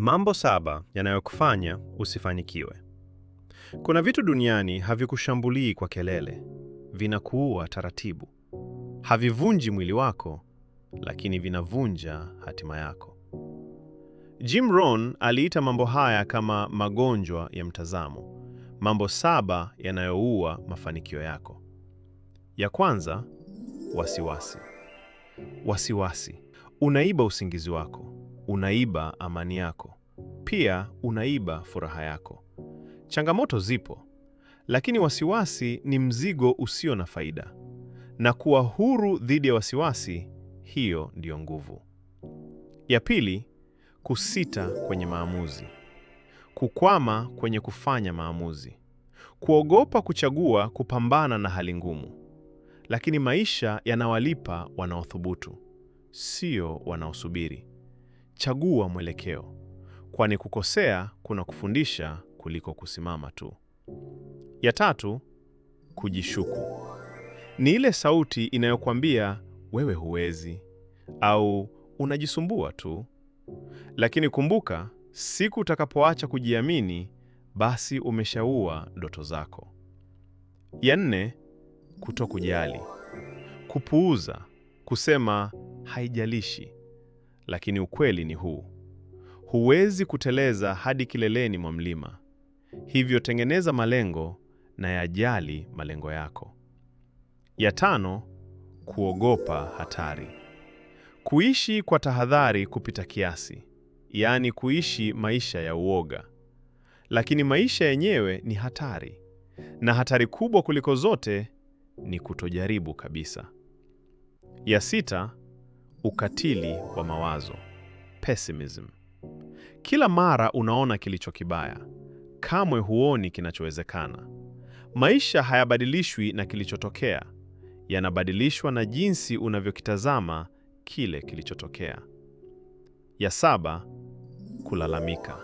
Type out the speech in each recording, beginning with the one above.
Mambo saba yanayokufanya usifanikiwe. Kuna vitu duniani havikushambulii kwa kelele, vinakuua taratibu. Havivunji mwili wako, lakini vinavunja hatima yako. Jim Rohn aliita mambo haya kama magonjwa ya mtazamo, mambo saba yanayoua mafanikio yako. Ya kwanza, wasiwasi. Wasiwasi unaiba usingizi wako unaiba amani yako, pia unaiba furaha yako. Changamoto zipo, lakini wasiwasi ni mzigo usio na faida, na kuwa huru dhidi ya wasiwasi, hiyo ndiyo nguvu. Ya pili, kusita kwenye maamuzi, kukwama kwenye kufanya maamuzi, kuogopa kuchagua, kupambana na hali ngumu. Lakini maisha yanawalipa wanaothubutu, sio wanaosubiri. Chagua mwelekeo, kwani kukosea kuna kufundisha kuliko kusimama tu. Ya tatu, kujishuku ni ile sauti inayokwambia wewe huwezi au unajisumbua tu. Lakini kumbuka, siku utakapoacha kujiamini, basi umeshaua ndoto zako. Ya nne, kutokujali, kupuuza, kusema haijalishi lakini ukweli ni huu: huwezi kuteleza hadi kileleni mwa mlima. Hivyo tengeneza malengo na yajali malengo yako. Ya tano, kuogopa hatari. Kuishi kwa tahadhari kupita kiasi, yaani kuishi maisha ya uoga. Lakini maisha yenyewe ni hatari, na hatari kubwa kuliko zote ni kutojaribu kabisa. Ya sita, ukatili wa mawazo pessimism. Kila mara unaona kilicho kibaya, kamwe huoni kinachowezekana. Maisha hayabadilishwi na kilichotokea, yanabadilishwa na jinsi unavyokitazama kile kilichotokea. Ya saba, kulalamika,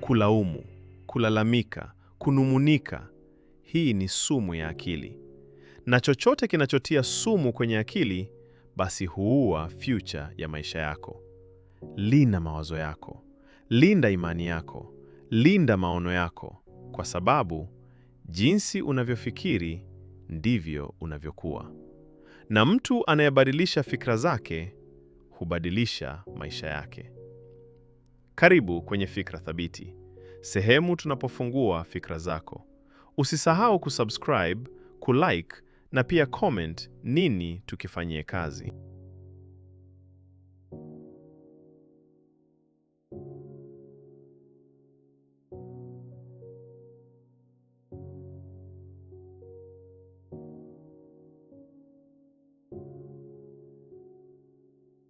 kulaumu, kulalamika, kunung'unika. Hii ni sumu ya akili, na chochote kinachotia sumu kwenye akili basi huua future ya maisha yako. Linda mawazo yako, linda imani yako, linda maono yako, kwa sababu jinsi unavyofikiri ndivyo unavyokuwa, na mtu anayebadilisha fikra zake hubadilisha maisha yake. Karibu kwenye Fikra Thabiti, sehemu tunapofungua fikra zako. Usisahau kusubscribe, kulike na pia comment nini tukifanyie kazi.